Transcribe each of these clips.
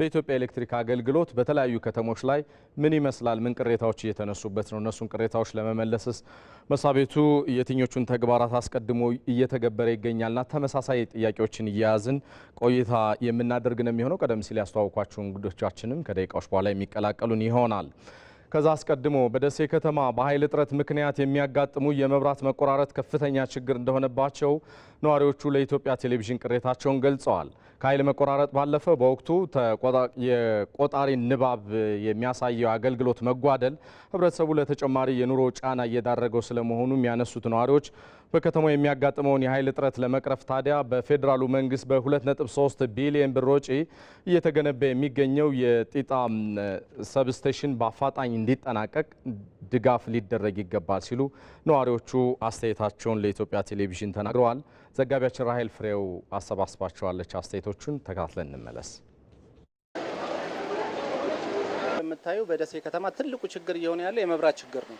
በኢትዮጵያ ኤሌክትሪክ አገልግሎት በተለያዩ ከተሞች ላይ ምን ይመስላል? ምን ቅሬታዎች እየተነሱበት ነው? እነሱን ቅሬታዎች ለመመለስስ መስሪያ ቤቱ የትኞቹን ተግባራት አስቀድሞ እየተገበረ ይገኛልና ተመሳሳይ ጥያቄዎችን እየያዝን ቆይታ የምናደርግ ነው የሚሆነው። ቀደም ሲል ያስተዋወኳችሁ እንግዶቻችንም ከደቂቃዎች በኋላ የሚቀላቀሉን ይሆናል። ከዛ አስቀድሞ በደሴ ከተማ በኃይል እጥረት ምክንያት የሚያጋጥሙ የመብራት መቆራረጥ ከፍተኛ ችግር እንደሆነባቸው ነዋሪዎቹ ለኢትዮጵያ ቴሌቪዥን ቅሬታቸውን ገልጸዋል። ከኃይል መቆራረጥ ባለፈ በወቅቱ የቆጣሪ ንባብ የሚያሳየው አገልግሎት መጓደል ህብረተሰቡ ለተጨማሪ የኑሮ ጫና እየዳረገው ስለመሆኑ የሚያነሱት ነዋሪዎች በከተማው የሚያጋጥመውን የኃይል እጥረት ለመቅረፍ ታዲያ በፌዴራሉ መንግስት በ2.3 ቢሊዮን ብር ወጪ እየተገነባ የሚገኘው የጢጣ ሰብስቴሽን በአፋጣኝ እንዲጠናቀቅ ድጋፍ ሊደረግ ይገባል ሲሉ ነዋሪዎቹ አስተያየታቸውን ለኢትዮጵያ ቴሌቪዥን ተናግረዋል። ዘጋቢያችን ራሄል ፍሬው አሰባስባቸዋለች። አስተያየቶቹን ተከታትለን እንመለስ። የምታዩ በደሴ ከተማ ትልቁ ችግር እየሆነ ያለው የመብራት ችግር ነው።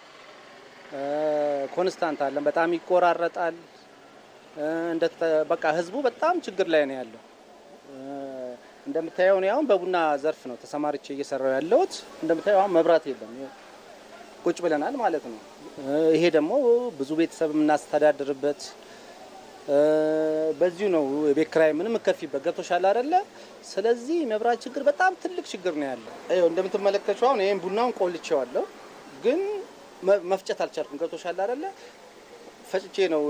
ኮንስታንት አለን፣ በጣም ይቆራረጣል። በቃ ህዝቡ በጣም ችግር ላይ ነው ያለው። እንደምታየው እኔ አሁን በቡና ዘርፍ ነው ተሰማርቼ እየሰራው ያለሁት። እንደምታየው አሁን መብራት የለም። ቁጭ ብለናል ማለት ነው። ይሄ ደግሞ ብዙ ቤተሰብ የምናስተዳድርበት በዚሁ ነው። የቤት ክራይ ምንም እከፊበት ገብቶሻል አይደለ? ስለዚህ መብራት ችግር በጣም ትልቅ ችግር ነው ያለ። እንደምትመለከቱ አሁን ይህም ቡናውን ቆልቼዋለሁ፣ ግን መፍጨት አልቻልኩም። ገብቶሻል አይደለ? ፈጭቼ ነው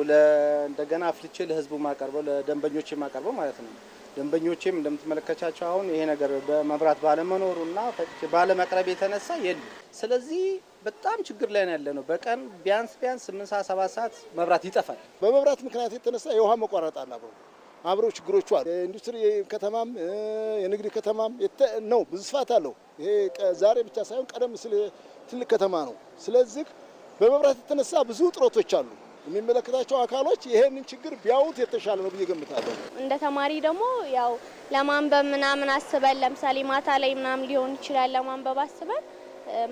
እንደገና አፍልቼ ለህዝቡ ማቀርበው ለደንበኞች ማቀርበው ማለት ነው። ደንበኞቼም እንደምትመለከቻቸው አሁን ይሄ ነገር በመብራት ባለመኖሩ ባለመኖሩና ባለመቅረብ የተነሳ የሉ። ስለዚህ በጣም ችግር ላይ ያለ ነው። በቀን ቢያንስ ቢያንስ 8 ሰዓት 7 ሰዓት መብራት ይጠፋል። በመብራት ምክንያት የተነሳ የውሃ መቋረጥ አለ። አብሮ አብሮ ችግሮቹ አሉ። የኢንዱስትሪ ከተማም የንግድ ከተማም ነው፣ ብዙ ስፋት አለው። ይሄ ዛሬ ብቻ ሳይሆን ቀደም ሲል ትልቅ ከተማ ነው። ስለዚህ በመብራት የተነሳ ብዙ ጥረቶች አሉ። የሚመለከታቸው አካሎች ይሄንን ችግር ቢያዩት የተሻለ ነው ብዬ ገምታለሁ። እንደ ተማሪ ደግሞ ያው ለማንበብ ምናምን አስበን ለምሳሌ ማታ ላይ ምናምን ሊሆን ይችላል ለማንበብ አስበን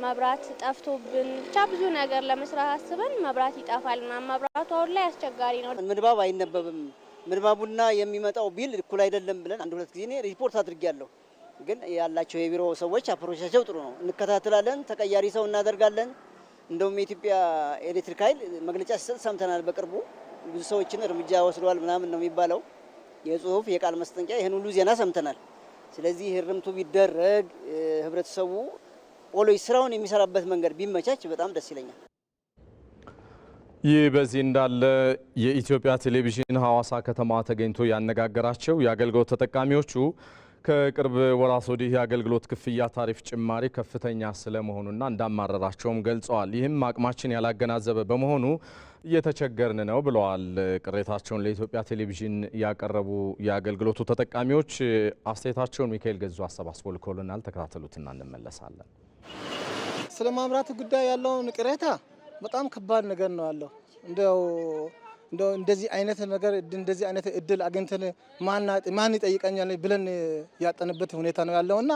መብራት ጠፍቶብን ብቻ ብዙ ነገር ለመስራት አስበን መብራት እና መብራቱ አሁን ላይ አስቸጋሪ ነው። ምንባብ አይነበብም። ምንባቡና የሚመጣው ቢል እኩል አይደለም ብለን አንድ ሁለት ጊዜ ሪፖርት አድርጌያለሁ። ግን ያላቸው የቢሮ ሰዎች አፕሮቻቸው ጥሩ ነው። እንከታተላለን፣ ተቀያሪ ሰው እናደርጋለን። እንደውም የኢትዮጵያ ኤሌክትሪክ ኃይል መግለጫ ሲሰጥ ሰምተናል። በቅርቡ ብዙ ሰዎችን እርምጃ ወስደዋል ምናምን ነው የሚባለው የጽሁፍ የቃል መስጠንቂያ ይህን ሁሉ ዜና ሰምተናል። ስለዚህ እርምቱ ቢደረግ ህብረተሰቡ ወሎይ ስራውን የሚሰራበት መንገድ ቢመቻች በጣም ደስ ይለኛል። ይህ በዚህ እንዳለ የኢትዮጵያ ቴሌቪዥን ሐዋሳ ከተማ ተገኝቶ ያነጋገራቸው የአገልግሎት ተጠቃሚዎቹ ከቅርብ ወራት ወዲህ የአገልግሎት ክፍያ ታሪፍ ጭማሪ ከፍተኛ ስለመሆኑና እንዳማረራቸውም ገልጸዋል። ይህም አቅማችን ያላገናዘበ በመሆኑ እየተቸገርን ነው ብለዋል። ቅሬታቸውን ለኢትዮጵያ ቴሌቪዥን ያቀረቡ የአገልግሎቱ ተጠቃሚዎች አስተያየታቸውን ሚካኤል ገዙ አሰባስቦ ልኮልናል። ተከታተሉትና እንመለሳለን። ስለ ማምራቱ ጉዳይ ያለውን ቅሬታ በጣም ከባድ ነገር ነው ያለው። እንደው እንደዚህ አይነት ነገር እንደዚህ አይነት እድል አግኝተን ማን ይጠይቀኛል ብለን ያጠንበት ሁኔታ ነው ያለው እና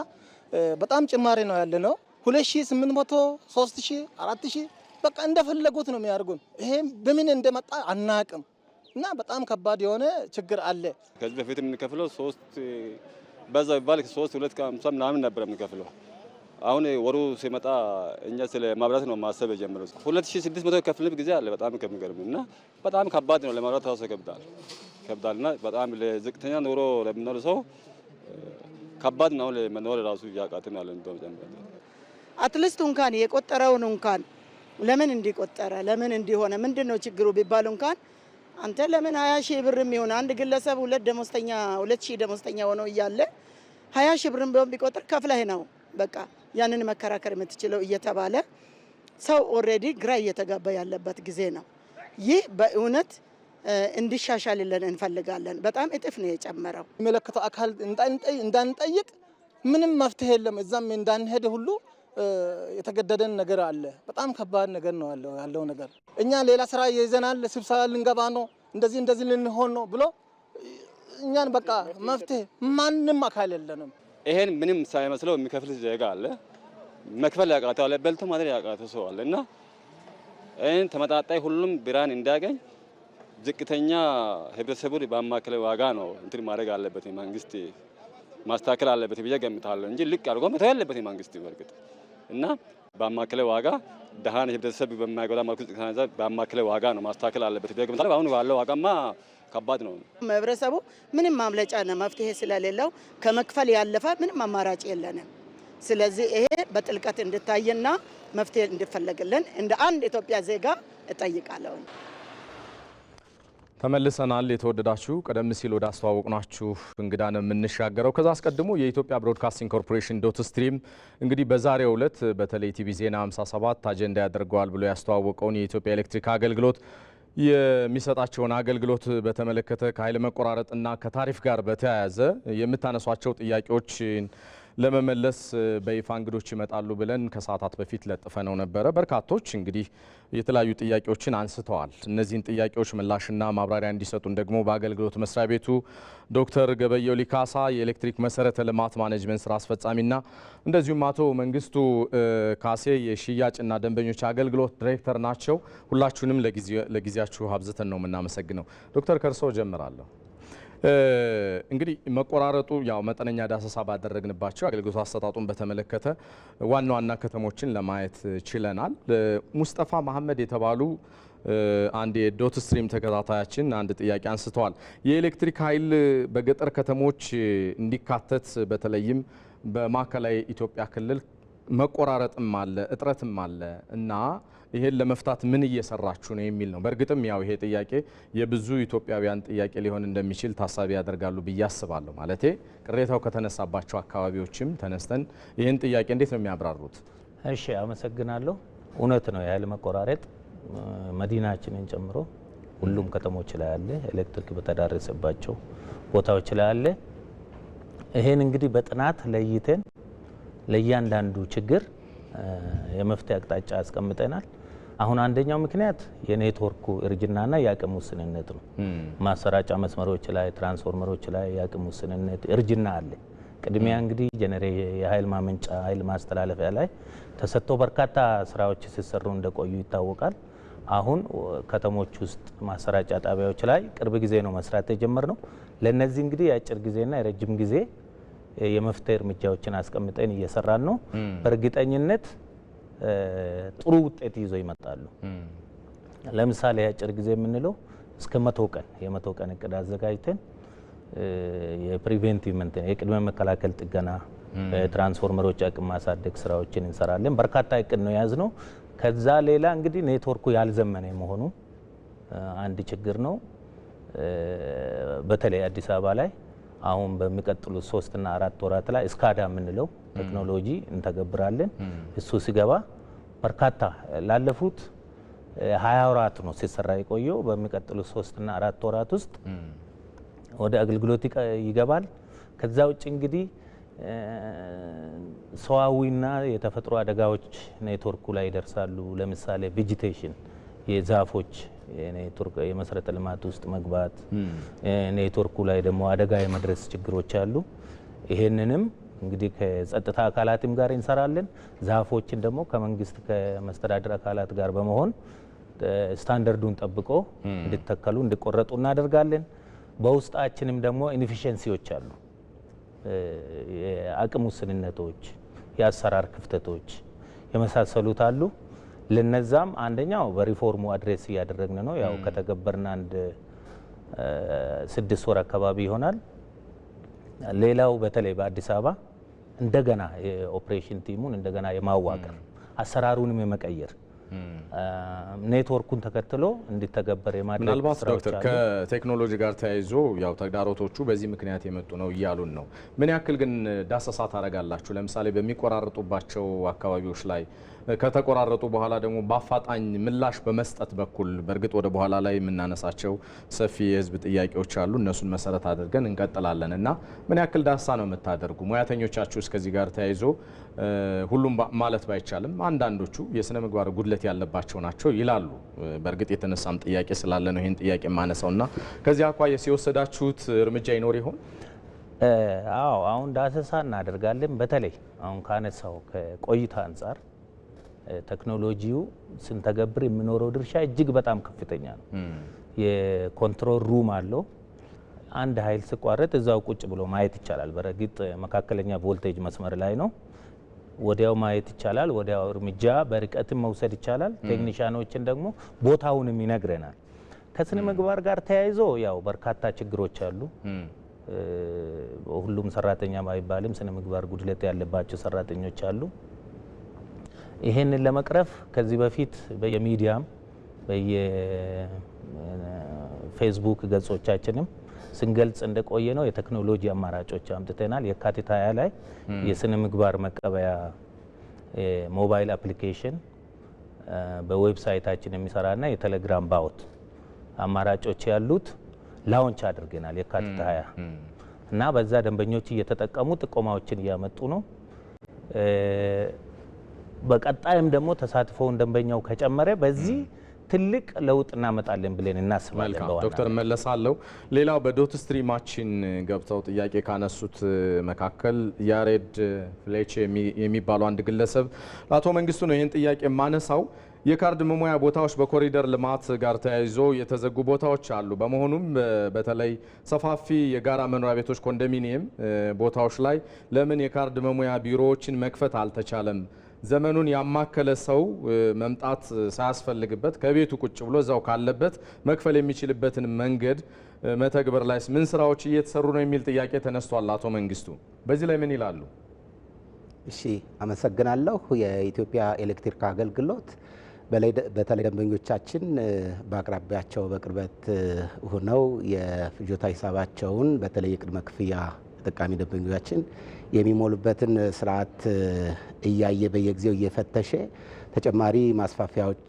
በጣም ጭማሪ ነው ያለ ነው። ሁለት ሺ ስምንት መቶ ሶስት ሺ አራት ሺ በቃ እንደፈለጉት ነው የሚያደርጉን። ይሄ በምን እንደመጣ አናቅም እና በጣም ከባድ የሆነ ችግር አለ። ከዚህ በፊት የምንከፍለው ሶስት በዛ ቢባል ሶስት ሁለት ከሀምሳ ምናምን ነበር የምንከፍለው አሁን ወሩ ሲመጣ እኛ ስለ ማብራት ነው ማሰብ የጀመረው። 2600 የከፈልንበት ጊዜ አለ። በጣም ከሚገርም እና በጣም ከባድ ነው። ለማብራት ራሱ ከብዳል ይከብዳል እና በጣም ለዝቅተኛ ኑሮ ለሚኖር ሰው ከባድ ነው ለመኖር ራሱ እያቃተን ያለ እንደው ጀምረ አትሊስት እንኳን የቆጠረውን እንኳን ለምን እንዲቆጠረ ለምን እንዲሆነ ምንድን ነው ችግሩ ቢባሉ እንኳን አንተ ለምን 20 ሺህ ብር የሚሆን አንድ ግለሰብ ሁለት ደሞዝተኛ ሁለት ሺህ ደሞዝተኛ ሆኖ እያለ 20 ሺህ ብር ቢሆን ቢቆጥር ከፍለህ ነው በቃ ያንን መከራከር የምትችለው እየተባለ ሰው ኦልሬዲ ግራ እየተጋባ ያለበት ጊዜ ነው። ይህ በእውነት እንዲሻሻልልን እንፈልጋለን። በጣም እጥፍ ነው የጨመረው። የሚመለከተው አካል እንዳንጠይቅ ምንም መፍትሄ የለም። እዛም እንዳንሄድ ሁሉ የተገደደን ነገር አለ። በጣም ከባድ ነገር ነው ያለው ነገር። እኛ ሌላ ስራ ይዘናል፣ ስብሰባ ልንገባ ነው፣ እንደዚህ እንደዚህ ልንሆን ነው ብሎ እኛን በቃ መፍትሄ ማንም አካል የለንም። ይሄን ምንም ሳይመስለው የሚከፍል ዜጋ አለ፣ መክፈል ያቃተው አለ፣ በልቶ ማደር ያቃተው ሰው አለ እና ይህን ተመጣጣይ ሁሉም ብርሃን እንዲያገኝ ዝቅተኛ ህብረተሰቡን ባማከለ ዋጋ ነው እንትን ማድረግ አለበት መንግስት ማስተካከል አለበት ብዬ ገምታለሁ እንጂ ልቅ አድርጎ መተው ያለበት መንግስት በእርግጥ እና ባማከለ ዋጋ ደሃን ህብረተሰብ በማይጎዳ መልኩ በማክለ ዋጋ ነው ማስተካከል አለበት። አሁን ባለው ዋጋማ ከባድ ነው። ህብረተሰቡ ምንም ማምለጫ ነው መፍትሄ ስለሌለው ከመክፈል ያለፈ ምንም አማራጭ የለንም። ስለዚህ ይሄ በጥልቀት እንድታይና መፍትሄ እንዲፈለግልን እንደ አንድ ኢትዮጵያ ዜጋ እጠይቃለሁ። ተመልሰናል። የተወደዳችሁ ቀደም ሲል ወደ አስተዋወቅናችሁ እንግዳ ነው የምንሻገረው። ከዛ አስቀድሞ የኢትዮጵያ ብሮድካስቲንግ ኮርፖሬሽን ዶት ስትሪም እንግዲህ በዛሬው ዕለት በተለይ ቲቪ ዜና 57 አጀንዳ ያደርገዋል ብሎ ያስተዋወቀውን የኢትዮጵያ ኤሌክትሪክ አገልግሎት የሚሰጣቸውን አገልግሎት በተመለከተ ከኃይል መቆራረጥና ከታሪፍ ጋር በተያያዘ የምታነሷቸው ጥያቄዎች ለመመለስ በይፋ እንግዶች ይመጣሉ ብለን ከሰዓታት በፊት ለጥፈነው ነበረ። በርካቶች እንግዲህ የተለያዩ ጥያቄዎችን አንስተዋል። እነዚህን ጥያቄዎች ምላሽና ማብራሪያ እንዲሰጡን ደግሞ በአገልግሎት መስሪያ ቤቱ ዶክተር ገበየው ሊካሳ የኤሌክትሪክ መሰረተ ልማት ማኔጅመንት ስራ አስፈጻሚና እንደዚሁም አቶ መንግስቱ ካሴ የሽያጭና ደንበኞች አገልግሎት ዲሬክተር ናቸው። ሁላችሁንም ለጊዜያችሁ አብዝተን ነው የምናመሰግነው። ዶክተር ከርሶ ጀምራለሁ። እንግዲህ መቆራረጡ ያው መጠነኛ ዳሰሳ ባደረግንባቸው አገልግሎት አሰጣጡን በተመለከተ ዋና ዋና ከተሞችን ለማየት ችለናል። ሙስጠፋ መሐመድ የተባሉ አንድ የዶት ስትሪም ተከታታያችን አንድ ጥያቄ አንስተዋል። የኤሌክትሪክ ኃይል በገጠር ከተሞች እንዲካተት በተለይም በማዕከላዊ ኢትዮጵያ ክልል መቆራረጥም አለ፣ እጥረትም አለ እና ይሄን ለመፍታት ምን እየሰራችሁ ነው የሚል ነው። በእርግጥም ያው ይሄ ጥያቄ የብዙ ኢትዮጵያውያን ጥያቄ ሊሆን እንደሚችል ታሳቢ ያደርጋሉ ብዬ አስባለሁ። ማለቴ ቅሬታው ከተነሳባቸው አካባቢዎችም ተነስተን ይህን ጥያቄ እንዴት ነው የሚያብራሩት? እሺ፣ አመሰግናለሁ። እውነት ነው የኃይል መቆራረጥ መዲናችንን ጨምሮ ሁሉም ከተሞች ላይ አለ። ኤሌክትሪክ በተዳረሰባቸው ቦታዎች ላይ አለ። ይሄን እንግዲህ በጥናት ለይተን ለእያንዳንዱ ችግር የመፍትሄ አቅጣጫ አስቀምጠናል። አሁን አንደኛው ምክንያት የኔትወርኩ እርጅናና የአቅም ውስንነት ነው። ማሰራጫ መስመሮች ላይ፣ ትራንስፎርመሮች ላይ የአቅም ውስንነት እርጅና አለ። ቅድሚያ እንግዲህ ጀነሬ የኃይል ማመንጫ ኃይል ማስተላለፊያ ላይ ተሰጥቶ በርካታ ስራዎች ሲሰሩ እንደቆዩ ይታወቃል። አሁን ከተሞች ውስጥ ማሰራጫ ጣቢያዎች ላይ ቅርብ ጊዜ ነው መስራት የጀመርነው። ለእነዚህ እንግዲህ የአጭር ጊዜና የረጅም ጊዜ የመፍትሄ እርምጃዎችን አስቀምጠን እየሰራን ነው። በእርግጠኝነት ጥሩ ውጤት ይዞ ይመጣሉ። ለምሳሌ አጭር ጊዜ የምንለው እስከ መቶ ቀን የመቶ ቀን እቅድ አዘጋጅተን የፕሪቬንቲቭ መንቴን የቅድመ መከላከል ጥገና፣ ትራንስፎርመሮች አቅም ማሳደግ ስራዎችን እንሰራለን። በርካታ እቅድ ነው የያዝነው። ከዛ ሌላ እንግዲህ ኔትወርኩ ያልዘመነ መሆኑ አንድ ችግር ነው። በተለይ አዲስ አበባ ላይ አሁን በሚቀጥሉት ሶስትና አራት ወራት ላይ እስካዳ የምንለው ቴክኖሎጂ እንተገብራለን። እሱ ሲገባ በርካታ ላለፉት ሀያ ወራት ነው ሲሰራ የቆየው። በሚቀጥሉት ሶስትና አራት ወራት ውስጥ ወደ አገልግሎት ይገባል። ከዛ ውጭ እንግዲህ ሰዋዊና የተፈጥሮ አደጋዎች ኔትወርኩ ላይ ይደርሳሉ። ለምሳሌ ቬጂቴሽን የዛፎች የኔትወርክ የመሰረተ ልማት ውስጥ መግባት፣ ኔትወርኩ ላይ ደግሞ አደጋ የመድረስ ችግሮች አሉ። ይሄንንም እንግዲህ ከጸጥታ አካላትም ጋር እንሰራለን። ዛፎችን ደግሞ ከመንግስት ከመስተዳደር አካላት ጋር በመሆን ስታንዳርዱን ጠብቆ እንዲተከሉ እንዲቆረጡ እናደርጋለን። በውስጣችንም ደግሞ ኢንኤፊሸንሲዎች አሉ፣ የአቅም ውስንነቶች፣ የአሰራር ክፍተቶች የመሳሰሉት አሉ። ለነዛም አንደኛው በሪፎርሙ አድሬስ እያደረግን ነው። ያው ከተገበርን አንድ ስድስት ወር አካባቢ ይሆናል። ሌላው በተለይ በአዲስ አበባ እንደገና የኦፕሬሽን ቲሙን እንደገና የማዋቀር አሰራሩንም የመቀየር ኔትወርኩን ተከትሎ እንዲተገበር የማድረግ ምናልባት ዶክተር ከቴክኖሎጂ ጋር ተያይዞ ያው ተግዳሮቶቹ በዚህ ምክንያት የመጡ ነው እያሉን ነው። ምን ያክል ግን ዳሰሳ ታደርጋላችሁ? ለምሳሌ በሚቆራረጡባቸው አካባቢዎች ላይ ከተቆራረጡ በኋላ ደግሞ በአፋጣኝ ምላሽ በመስጠት በኩል በእርግጥ ወደ በኋላ ላይ የምናነሳቸው ሰፊ የህዝብ ጥያቄዎች አሉ። እነሱን መሰረት አድርገን እንቀጥላለን እና ምን ያክል ዳሳ ነው የምታደርጉ ሙያተኞቻችሁ? እስከዚህ ጋር ተያይዞ ሁሉም ማለት ባይቻልም አንዳንዶቹ የስነ ምግባር ጉድለት ያለባቸው ናቸው ይላሉ። በእርግጥ የተነሳም ጥያቄ ስላለ ነው ይህን ጥያቄ የማነሳው እና ከዚህ አኳያ የወሰዳችሁት እርምጃ ይኖር ይሆን? አዎ አሁን ዳሰሳ እናደርጋለን። በተለይ አሁን ካነሳው ከቆይታ አንጻር ቴክኖሎጂው ስንተገብር የሚኖረው ድርሻ እጅግ በጣም ከፍተኛ ነው። የኮንትሮል ሩም አለው። አንድ ኃይል ሲቋረጥ እዛው ቁጭ ብሎ ማየት ይቻላል። በረግጥ መካከለኛ ቮልቴጅ መስመር ላይ ነው። ወዲያው ማየት ይቻላል። ወዲያው እርምጃ በርቀትም መውሰድ ይቻላል። ቴክኒሻኖችን ደግሞ ቦታውንም ይነግረናል። ከስነ ምግባር ጋር ተያይዞ ያው በርካታ ችግሮች አሉ። ሁሉም ሰራተኛ ባይባልም ስነ ምግባር ጉድለት ያለባቸው ሰራተኞች አሉ። ይሄንን ለመቅረፍ ከዚህ በፊት በየሚዲያም በየፌስቡክ ገጾቻችንም ስንገልጽ እንደቆየ ነው። የቴክኖሎጂ አማራጮች አምጥተናል። የካቲት ሀያ ላይ የስነ ምግባር መቀበያ ሞባይል አፕሊኬሽን በዌብሳይታችን የሚሰራና የቴሌግራም ባውት አማራጮች ያሉት ላውንች አድርገናል የካቲት ሀያ እና በዛ ደንበኞች እየተጠቀሙ ጥቆማዎችን እያመጡ ነው። በቀጣይም ደግሞ ተሳትፎውን ደንበኛው ከጨመረ በዚህ ትልቅ ለውጥ እናመጣለን ብለን እናስባለን። ዶክተር መለሳለሁ ሌላው በዶት ስትሪማችን ገብተው ጥያቄ ካነሱት መካከል ያሬድ ፍሌቼ የሚባሉ አንድ ግለሰብ ለአቶ መንግስቱ ነው ይህን ጥያቄ የማነሳው። የካርድ መሙያ ቦታዎች በኮሪደር ልማት ጋር ተያይዞ የተዘጉ ቦታዎች አሉ። በመሆኑም በተለይ ሰፋፊ የጋራ መኖሪያ ቤቶች ኮንዶሚኒየም ቦታዎች ላይ ለምን የካርድ መሙያ ቢሮዎችን መክፈት አልተቻለም? ዘመኑን ያማከለ ሰው መምጣት ሳያስፈልግበት ከቤቱ ቁጭ ብሎ እዛው ካለበት መክፈል የሚችልበትን መንገድ መተግበር ላይ ምን ስራዎች እየተሰሩ ነው የሚል ጥያቄ ተነስቷል። አቶ መንግስቱ በዚህ ላይ ምን ይላሉ? እሺ፣ አመሰግናለሁ። የኢትዮጵያ ኤሌክትሪክ አገልግሎት በተለይ ደንበኞቻችን በአቅራቢያቸው በቅርበት ሆነው የፍጆታ ሂሳባቸውን በተለይ የቅድመ ክፍያ ተጠቃሚ ደንበኞቻችን የሚሞሉበትን ስርዓት እያየ በየጊዜው እየፈተሸ ተጨማሪ ማስፋፊያዎች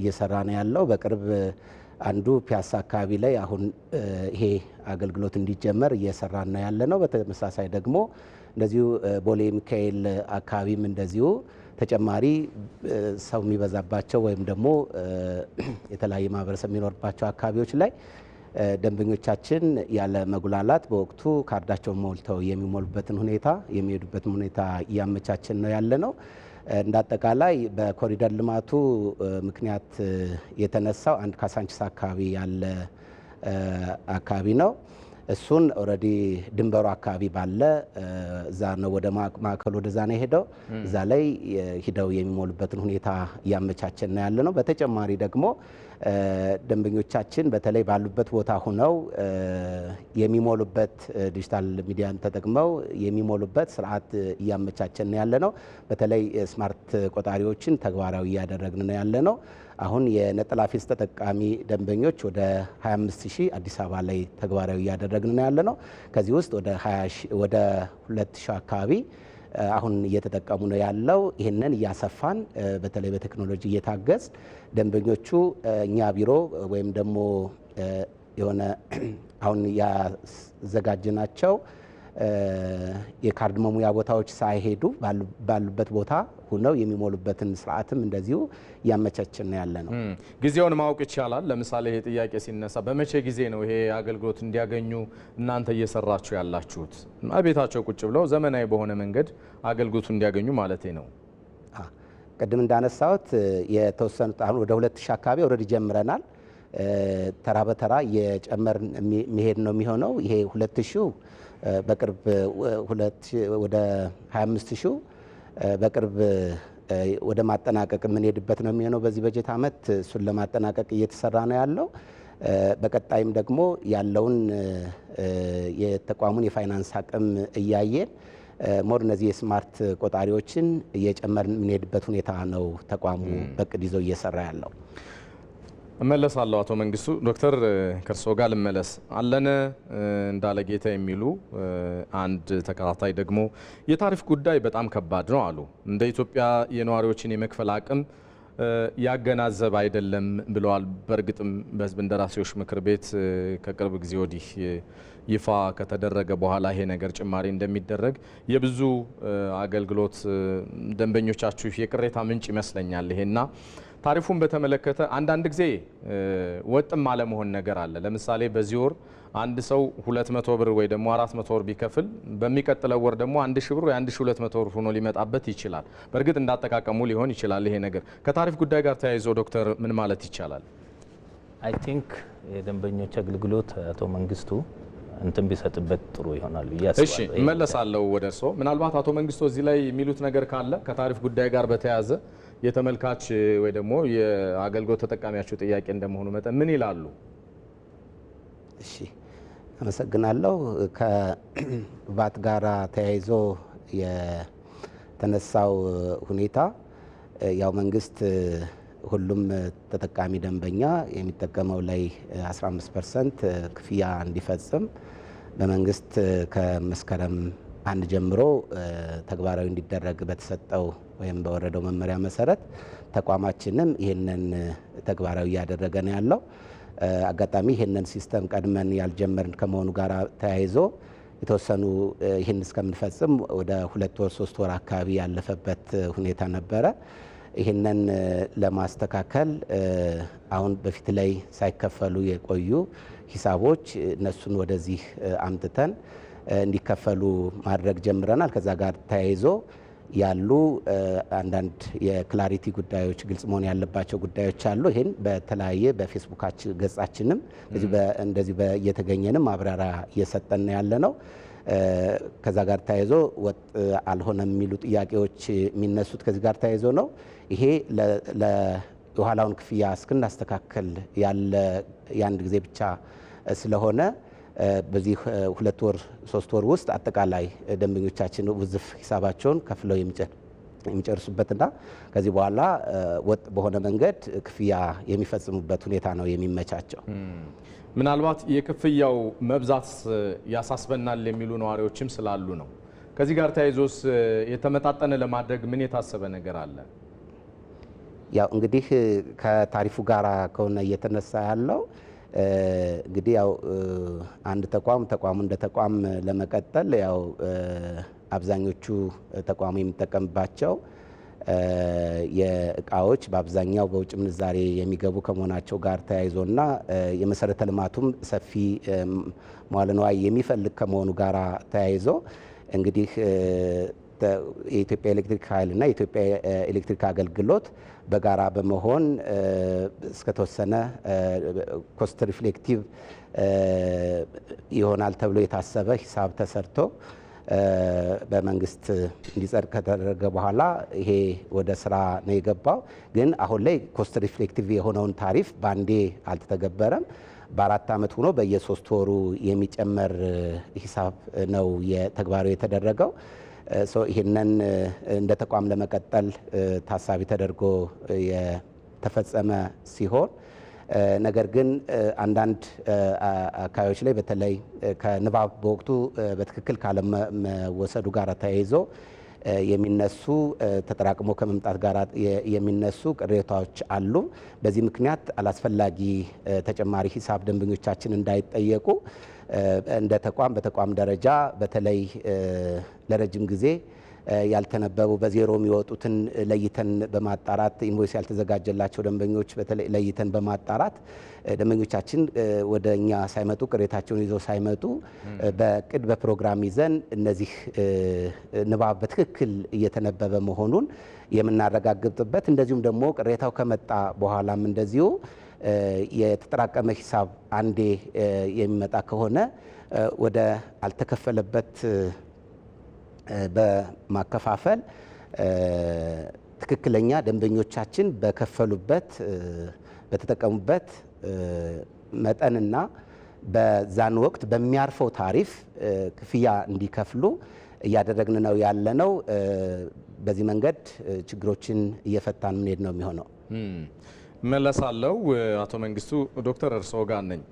እየሰራ ነው ያለው። በቅርብ አንዱ ፒያሳ አካባቢ ላይ አሁን ይሄ አገልግሎት እንዲጀመር እየሰራ ነው ያለ ነው። በተመሳሳይ ደግሞ እንደዚሁ ቦሌ ሚካኤል አካባቢም እንደዚሁ ተጨማሪ ሰው የሚበዛባቸው ወይም ደግሞ የተለያየ ማህበረሰብ የሚኖርባቸው አካባቢዎች ላይ ደንበኞቻችን ያለ መጉላላት በወቅቱ ካርዳቸው ሞልተው የሚሞሉበትን ሁኔታ የሚሄዱበትን ሁኔታ እያመቻችን ነው ያለ ነው። እንደ አጠቃላይ በኮሪደር ልማቱ ምክንያት የተነሳው አንድ ካሳንቺስ አካባቢ ያለ አካባቢ ነው። እሱን ኦልሬዲ ድንበሩ አካባቢ ባለ እዛ ነው ወደ ማዕከሉ ወደዛ ነው የሄደው። እዛ ላይ ሂደው የሚሞሉበትን ሁኔታ እያመቻቸን ነው ያለ ነው። በተጨማሪ ደግሞ ደንበኞቻችን በተለይ ባሉበት ቦታ ሁነው የሚሞሉበት ዲጂታል ሚዲያን ተጠቅመው የሚሞሉበት ስርዓት እያመቻቸን ነው ያለ ነው። በተለይ ስማርት ቆጣሪዎችን ተግባራዊ እያደረግን ነው ያለ ነው። አሁን የነጠላ ፊስ ተጠቃሚ ደንበኞች ወደ 25 ሺህ አዲስ አበባ ላይ ተግባራዊ እያደረግን ያለ ነው። ከዚህ ውስጥ ወደ 2 ሺህ አካባቢ አሁን እየተጠቀሙ ነው ያለው። ይህንን እያሰፋን በተለይ በቴክኖሎጂ እየታገዝ ደንበኞቹ እኛ ቢሮ ወይም ደግሞ የሆነ አሁን ያዘጋጅናቸው የካርድ መሙያ ቦታዎች ሳይሄዱ ባሉበት ቦታ ሁነው የሚሞሉበትን ስርዓትም እንደዚሁ እያመቻችን ያለ ነው። ጊዜውን ማወቅ ይቻላል። ለምሳሌ ይሄ ጥያቄ ሲነሳ በመቼ ጊዜ ነው ይሄ አገልግሎት እንዲያገኙ እናንተ እየሰራችሁ ያላችሁት? ቤታቸው ቁጭ ብለው ዘመናዊ በሆነ መንገድ አገልግሎቱ እንዲያገኙ ማለት ነው። ቅድም እንዳነሳሁት የተወሰኑት አሁን ወደ ሁለት ሺህ አካባቢ ወረድ ጀምረናል። ተራ በተራ እየጨመር መሄድ ነው የሚሆነው ይሄ ሁለት ሺው በቅርብ ወደ 25 ሺ በቅርብ ወደ ማጠናቀቅ የምንሄድበት ነው የሚሆነው። በዚህ በጀት ዓመት እሱን ለማጠናቀቅ እየተሰራ ነው ያለው። በቀጣይም ደግሞ ያለውን የተቋሙን የፋይናንስ አቅም እያየን ሞር እነዚህ የስማርት ቆጣሪዎችን እየጨመርን የምንሄድበት ሁኔታ ነው ተቋሙ በቅድ ይዘው እየሰራ ያለው። እመለሳለሁ። አቶ መንግስቱ ዶክተር ከርሶ ጋር ልመለስ። አለነ እንዳለ ጌታ የሚሉ አንድ ተከታታይ ደግሞ የታሪፍ ጉዳይ በጣም ከባድ ነው አሉ። እንደ ኢትዮጵያ የነዋሪዎችን የመክፈል አቅም ያገናዘብ አይደለም ብለዋል። በእርግጥም በሕዝብ እንደራሴዎች ምክር ቤት ከቅርብ ጊዜ ወዲህ ይፋ ከተደረገ በኋላ ይሄ ነገር ጭማሪ እንደሚደረግ የብዙ አገልግሎት ደንበኞቻችሁ የቅሬታ ምንጭ ይመስለኛል ይሄና ታሪፉን በተመለከተ አንዳንድ ጊዜ ወጥም አለመሆን ነገር አለ። ለምሳሌ በዚህ ወር አንድ ሰው 200 ብር ወይ ደግሞ 400 ብር ቢከፍል በሚቀጥለው ወር ደግሞ 1000 ብር ወይ 1200 ብር ሆኖ ሊመጣበት ይችላል። በእርግጥ እንዳጠቃቀሙ ሊሆን ይችላል። ይሄ ነገር ከታሪፍ ጉዳይ ጋር ተያይዞ ዶክተር ምን ማለት ይቻላል? አይ ቲንክ የደንበኞች አገልግሎት አቶ መንግስቱ እንትን ቢሰጥበት ጥሩ ይሆናል ብዬ እሺ እመለሳለሁ ወደ እርስዎ። ምናልባት አቶ መንግስቱ እዚህ ላይ የሚሉት ነገር ካለ ከታሪፍ ጉዳይ ጋር በተያያዘ የተመልካች ወይ ደግሞ የአገልግሎት ተጠቃሚያቸው ጥያቄ እንደመሆኑ መጠን ምን ይላሉ? እሺ አመሰግናለሁ። ከቫት ጋራ ተያይዞ የተነሳው ሁኔታ ያው መንግስት ሁሉም ተጠቃሚ ደንበኛ የሚጠቀመው ላይ 15 ፐርሰንት ክፍያ እንዲፈጽም በመንግስት ከመስከረም አንድ ጀምሮ ተግባራዊ እንዲደረግ በተሰጠው ወይም በወረደው መመሪያ መሰረት ተቋማችንም ይህንን ተግባራዊ እያደረገ ነው ያለው። አጋጣሚ ይህንን ሲስተም ቀድመን ያልጀመርን ከመሆኑ ጋር ተያይዞ የተወሰኑ ይህን እስከምንፈጽም ወደ ሁለት ወር ሶስት ወር አካባቢ ያለፈበት ሁኔታ ነበረ። ይህንን ለማስተካከል አሁን በፊት ላይ ሳይከፈሉ የቆዩ ሂሳቦች እነሱን ወደዚህ አምጥተን እንዲከፈሉ ማድረግ ጀምረናል። ከዛ ጋር ተያይዞ ያሉ አንዳንድ የክላሪቲ ጉዳዮች ግልጽ መሆን ያለባቸው ጉዳዮች አሉ። ይህን በተለያየ በፌስቡካችን ገጻችንም እንደዚህ እየተገኘንም ማብራሪያ እየሰጠን ያለ ነው። ከዛ ጋር ተያይዞ ወጥ አልሆነም የሚሉ ጥያቄዎች የሚነሱት ከዚህ ጋር ተያይዞ ነው። ይሄ የኋላውን ክፍያ እስክናስተካከል ያለ የአንድ ጊዜ ብቻ ስለሆነ በዚህ ሁለት ወር ሶስት ወር ውስጥ አጠቃላይ ደንበኞቻችን ውዝፍ ሂሳባቸውን ከፍለው የሚጨርሱበትና ከዚህ በኋላ ወጥ በሆነ መንገድ ክፍያ የሚፈጽሙበት ሁኔታ ነው የሚመቻቸው። ምናልባት የክፍያው መብዛት ያሳስበናል የሚሉ ነዋሪዎችም ስላሉ ነው። ከዚህ ጋር ተያይዞስ የተመጣጠነ ለማድረግ ምን የታሰበ ነገር አለ? ያው እንግዲህ ከታሪፉ ጋር ከሆነ እየተነሳ ያለው እንግዲህ ያው አንድ ተቋም ተቋሙ እንደ ተቋም ለመቀጠል ያው አብዛኞቹ ተቋሙ የሚጠቀምባቸው የእቃዎች በአብዛኛው በውጭ ምንዛሬ የሚገቡ ከመሆናቸው ጋር ተያይዞና የመሰረተ ልማቱም ሰፊ መዋለ ንዋይ የሚፈልግ ከመሆኑ ጋር ተያይዞ እንግዲህ የኢትዮጵያ ኤሌክትሪክ ኃይልና የኢትዮጵያ ኤሌክትሪክ አገልግሎት በጋራ በመሆን እስከተወሰነ ኮስት ሪፍሌክቲቭ ይሆናል ተብሎ የታሰበ ሂሳብ ተሰርቶ በመንግስት እንዲጸድቅ ከተደረገ በኋላ ይሄ ወደ ስራ ነው የገባው። ግን አሁን ላይ ኮስት ሪፍሌክቲቭ የሆነውን ታሪፍ ባንዴ አልተተገበረም። በአራት ዓመት ሆኖ በየሶስት ወሩ የሚጨመር ሂሳብ ነው ተግባራዊ የተደረገው። ይህንን እንደ ተቋም ለመቀጠል ታሳቢ ተደርጎ የተፈጸመ ሲሆን ነገር ግን አንዳንድ አካባቢዎች ላይ በተለይ ከንባብ በወቅቱ በትክክል ካለመወሰዱ ጋር ተያይዞ የሚነሱ ተጠራቅሞ ከመምጣት ጋር የሚነሱ ቅሬታዎች አሉ። በዚህ ምክንያት አላስፈላጊ ተጨማሪ ሂሳብ ደንበኞቻችን እንዳይጠየቁ እንደ ተቋም በተቋም ደረጃ በተለይ ለረጅም ጊዜ ያልተነበቡ በዜሮ የሚወጡትን ለይተን በማጣራት ኢንቮይስ ያልተዘጋጀላቸው ደንበኞች በተለይ ለይተን በማጣራት ደንበኞቻችን ወደ እኛ ሳይመጡ ቅሬታቸውን ይዘው ሳይመጡ በቅድ በፕሮግራም ይዘን እነዚህ ንባብ በትክክል እየተነበበ መሆኑን የምናረጋግጥበት እንደዚሁም ደግሞ ቅሬታው ከመጣ በኋላም እንደዚሁ የተጠራቀመ ሂሳብ አንዴ የሚመጣ ከሆነ ወደ አልተከፈለበት በማከፋፈል ትክክለኛ ደንበኞቻችን በከፈሉበት በተጠቀሙበት መጠንና በዛን ወቅት በሚያርፈው ታሪፍ ክፍያ እንዲከፍሉ እያደረግን ነው ያለነው። በዚህ መንገድ ችግሮችን እየፈታን ምንሄድ ነው የሚሆነው። መለሳለው አቶ መንግስቱ ዶክተር እርስዎ ጋር ነኝ።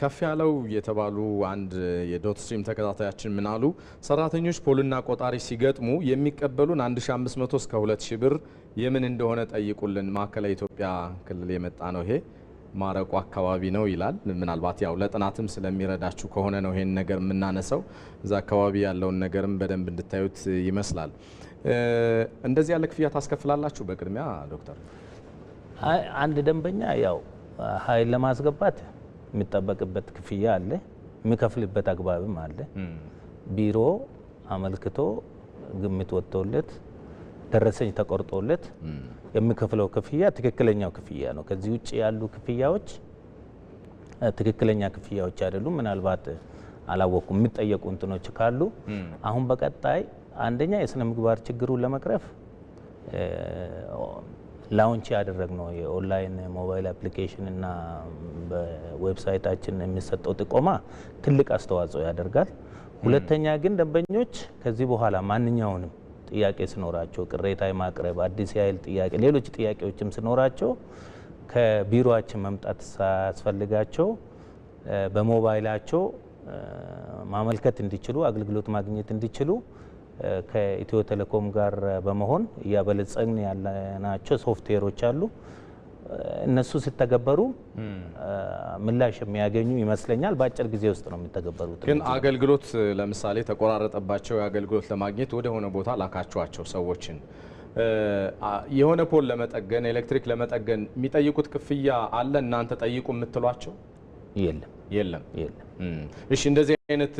ከፍ ያለው የተባሉ አንድ የዶት ስትሪም ተከታታያችን ምን አሉ? ሰራተኞች ፖልና ቆጣሪ ሲገጥሙ የሚቀበሉን 1500 እስከ 2000 ብር የምን እንደሆነ ጠይቁልን። ማዕከላዊ ኢትዮጵያ ክልል የመጣ ነው ይሄ ማረቆ አካባቢ ነው ይላል። ምናልባት ያው ለጥናትም ስለሚረዳችሁ ከሆነ ነው ይሄን ነገር የምናነሳው እዛ አካባቢ ያለውን ነገርም በደንብ እንድታዩት ይመስላል። እንደዚህ ያለ ክፍያ ታስከፍላላችሁ? በቅድሚያ ዶክተር አንድ ደንበኛ ያው ኃይል ለማስገባት የሚጠበቅበት ክፍያ አለ፣ የሚከፍልበት አግባብም አለ። ቢሮ አመልክቶ ግምት ወጥቶለት ደረሰኝ ተቆርጦለት የሚከፍለው ክፍያ ትክክለኛው ክፍያ ነው። ከዚህ ውጭ ያሉ ክፍያዎች ትክክለኛ ክፍያዎች አይደሉም። ምናልባት አላወቁም የሚጠየቁ እንትኖች ካሉ አሁን በቀጣይ አንደኛ የስነ ምግባር ችግሩን ለመቅረፍ ላውንች ያደረግ ነው የኦንላይን ሞባይል አፕሊኬሽን እና በዌብሳይታችን የሚሰጠው ጥቆማ ትልቅ አስተዋጽኦ ያደርጋል። ሁለተኛ ግን ደንበኞች ከዚህ በኋላ ማንኛውንም ጥያቄ ስኖራቸው ቅሬታ የማቅረብ አዲስ የኃይል ጥያቄ፣ ሌሎች ጥያቄዎችም ስኖራቸው ከቢሮችን መምጣት ሳያስፈልጋቸው በሞባይላቸው ማመልከት እንዲችሉ አገልግሎት ማግኘት እንዲችሉ ከኢትዮ ቴሌኮም ጋር በመሆን እያበለጸግን ያለናቸው ሶፍትዌሮች አሉ። እነሱ ሲተገበሩ ምላሽ የሚያገኙ ይመስለኛል። በአጭር ጊዜ ውስጥ ነው የሚተገበሩት። ግን አገልግሎት ለምሳሌ ተቆራረጠባቸው፣ የአገልግሎት ለማግኘት ወደ ሆነ ቦታ ላካችኋቸው ሰዎችን የሆነ ፖል ለመጠገን ኤሌክትሪክ ለመጠገን የሚጠይቁት ክፍያ አለ? እናንተ ጠይቁ የምትሏቸው የለም የለም። እሺ እንደዚህ አይነት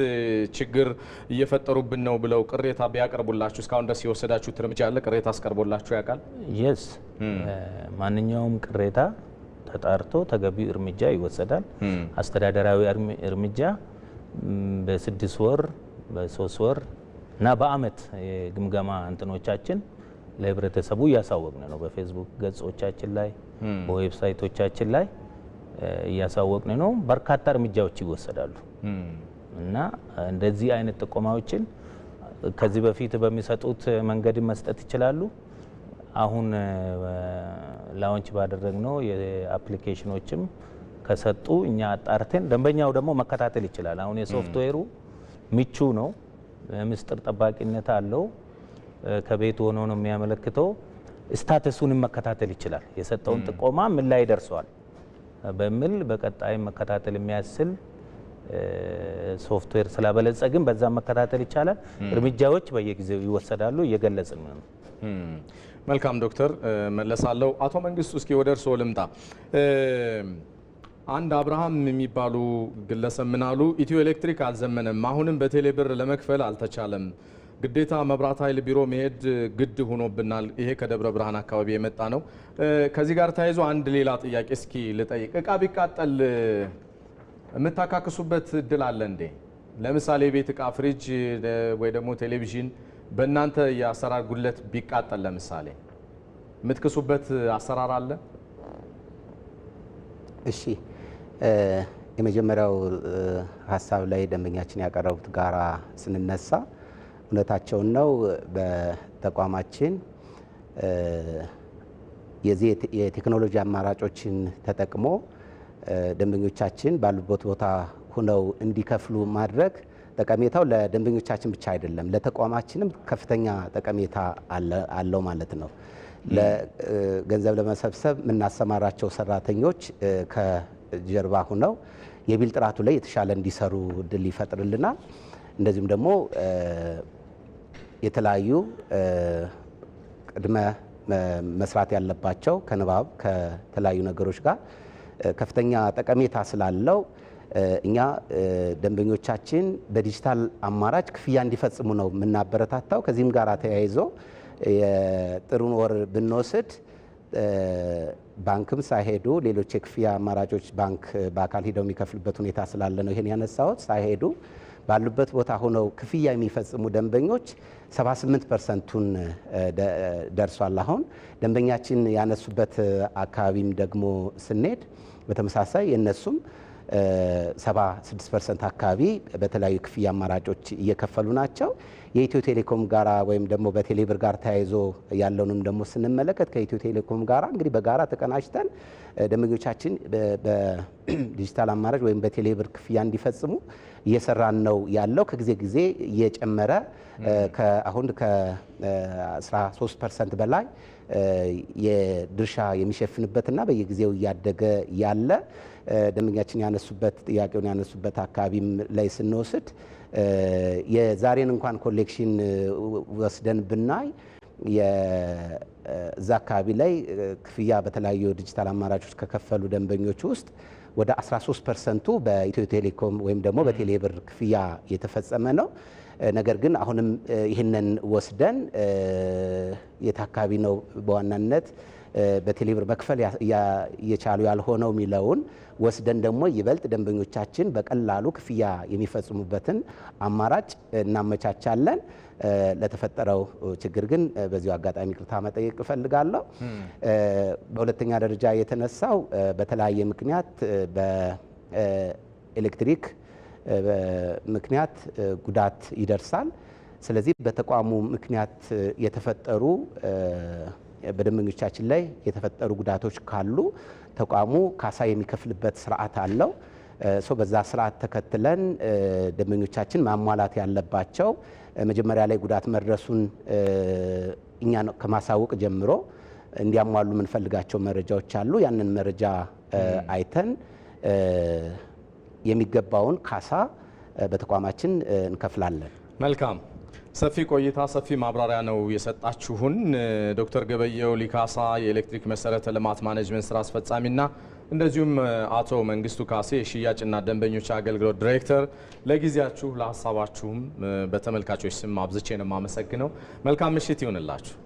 ችግር እየፈጠሩብን ነው ብለው ቅሬታ ቢያቀርቡላችሁ እስካሁን ደስ የወሰዳችሁት እርምጃ አለ? ቅሬታ አስቀርቦላችሁ ያውቃል? የስ ማንኛውም ቅሬታ ተጣርቶ ተገቢው እርምጃ ይወሰዳል። አስተዳደራዊ እርምጃ በስድስት ወር በሶስት ወር እና በአመት የግምገማ እንትኖቻችን ለህብረተሰቡ እያሳወቅን ነው። በፌስቡክ ገጾቻችን ላይ በዌብሳይቶቻችን ላይ እያሳወቅን ነው። በርካታ እርምጃዎች ይወሰዳሉ እና እንደዚህ አይነት ጥቆማዎችን ከዚህ በፊት በሚሰጡት መንገድ መስጠት ይችላሉ። አሁን ላውንች ባደረግነው የአፕሊኬሽኖችም ከሰጡ እኛ አጣርተን ደንበኛው ደግሞ መከታተል ይችላል። አሁን የሶፍትዌሩ ምቹ ነው፣ ምስጢር ጠባቂነት አለው። ከቤት ሆኖ ነው የሚያመለክተው። ስታተሱንም መከታተል ይችላል። የሰጠውን ጥቆማ ምን ላይ ደርሰዋል በሚል በቀጣይ መከታተል የሚያስችል ሶፍትዌር ግን በዛ መከታተል ይቻላል። እርምጃዎች በየጊዜው ይወሰዳሉ እየገለጽን ነው። መልካም ዶክተር መለሳለሁ። አቶ መንግስቱ እስኪ ወደ እርስዎ ልምጣ። አንድ አብርሃም የሚባሉ ግለሰብ ምናሉ ኢትዮ ኤሌክትሪክ አልዘመነም፣ አሁንም በቴሌ ብር ለመክፈል አልተቻለም ግዴታ መብራት ኃይል ቢሮ መሄድ ግድ ሆኖብናል። ይሄ ከደብረ ብርሃን አካባቢ የመጣ ነው። ከዚህ ጋር ተያይዞ አንድ ሌላ ጥያቄ እስኪ ልጠይቅ። እቃ ቢቃጠል የምታካክሱበት እድል አለ እንዴ? ለምሳሌ ቤት እቃ፣ ፍሪጅ ወይ ደግሞ ቴሌቪዥን በእናንተ የአሰራር ጉድለት ቢቃጠል ለምሳሌ የምትክሱበት አሰራር አለ? እሺ፣ የመጀመሪያው ሀሳብ ላይ ደንበኛችን ያቀረቡት ጋራ ስንነሳ እውነታቸውን ነው። በተቋማችን የዚህ የቴክኖሎጂ አማራጮችን ተጠቅሞ ደንበኞቻችን ባሉበት ቦታ ሁነው እንዲከፍሉ ማድረግ ጠቀሜታው ለደንበኞቻችን ብቻ አይደለም፣ ለተቋማችንም ከፍተኛ ጠቀሜታ አለው ማለት ነው። ለገንዘብ ለመሰብሰብ የምናሰማራቸው ሰራተኞች ከጀርባ ሁነው የቢል ጥራቱ ላይ የተሻለ እንዲሰሩ እድል ይፈጥርልናል። እንደዚሁም ደግሞ የተለያዩ ቅድመ መስራት ያለባቸው ከንባብ ከተለያዩ ነገሮች ጋር ከፍተኛ ጠቀሜታ ስላለው እኛ ደንበኞቻችን በዲጂታል አማራጭ ክፍያ እንዲፈጽሙ ነው የምናበረታታው። ከዚህም ጋር ተያይዞ የጥሩን ወር ብንወስድ ባንክም ሳይሄዱ ሌሎች የክፍያ አማራጮች ባንክ በአካል ሂደው የሚከፍልበት ሁኔታ ስላለ ነው ይሄን ያነሳሁት ሳይሄዱ ባሉበት ቦታ ሆነው ክፍያ የሚፈጽሙ ደንበኞች 78 ፐርሰንቱን ደርሷል። አሁን ደንበኛችን ያነሱበት አካባቢም ደግሞ ስንሄድ በተመሳሳይ የእነሱም 76 ፐርሰንት አካባቢ በተለያዩ ክፍያ አማራጮች እየከፈሉ ናቸው። የኢትዮ ቴሌኮም ጋራ ወይም ደግሞ በቴሌብር ጋር ተያይዞ ያለውንም ደግሞ ስንመለከት ከኢትዮ ቴሌኮም ጋራ እንግዲህ በጋራ ተቀናጅተን ደንበኞቻችን በዲጂታል አማራጭ ወይም በቴሌብር ክፍያ እንዲፈጽሙ እየሰራን ነው ያለው። ከጊዜ ጊዜ እየጨመረ አሁን ከ13 ፐርሰንት በላይ የድርሻ የሚሸፍንበትና በየጊዜው እያደገ ያለ ደንበኛችን ያነሱበት ጥያቄውን ያነሱበት አካባቢም ላይ ስንወስድ የዛሬን እንኳን ኮሌክሽን ወስደን ብናይ የዛ አካባቢ ላይ ክፍያ በተለያዩ ዲጂታል አማራጮች ከከፈሉ ደንበኞች ውስጥ ወደ 13 ፐርሰንቱ በኢትዮ ቴሌኮም ወይም ደግሞ በቴሌብር ክፍያ የተፈጸመ ነው። ነገር ግን አሁንም ይህንን ወስደን የት አካባቢ ነው በዋናነት በቴሌ መክፈል እየቻሉ ያልሆነው የሚለውን ወስደን ደግሞ ይበልጥ ደንበኞቻችን በቀላሉ ክፍያ የሚፈጽሙበትን አማራጭ እናመቻቻለን። ለተፈጠረው ችግር ግን በዚሁ አጋጣሚ ቅርታ መጠየቅ እፈልጋለሁ። በሁለተኛ ደረጃ የተነሳው በተለያየ ምክንያት በኤሌክትሪክ ምክንያት ጉዳት ይደርሳል። ስለዚህ በተቋሙ ምክንያት የተፈጠሩ በደንበኞቻችን ላይ የተፈጠሩ ጉዳቶች ካሉ ተቋሙ ካሳ የሚከፍልበት ስርዓት አለው። ሰው በዛ ስርዓት ተከትለን ደንበኞቻችን ማሟላት ያለባቸው መጀመሪያ ላይ ጉዳት መድረሱን እኛ ከማሳወቅ ጀምሮ እንዲያሟሉ የምንፈልጋቸው መረጃዎች አሉ። ያንን መረጃ አይተን የሚገባውን ካሳ በተቋማችን እንከፍላለን። መልካም ሰፊ ቆይታ ሰፊ ማብራሪያ ነው የሰጣችሁን። ዶክተር ገበየው ሊካሳ የኤሌክትሪክ መሰረተ ልማት ማኔጅመንት ስራ አስፈጻሚና እንደዚሁም አቶ መንግስቱ ካሴ የሽያጭና ደንበኞች አገልግሎት ዲሬክተር፣ ለጊዜያችሁ ለሀሳባችሁም በተመልካቾች ስም አብዝቼ ነው የማመሰግነው። መልካም ምሽት ይሁንላችሁ።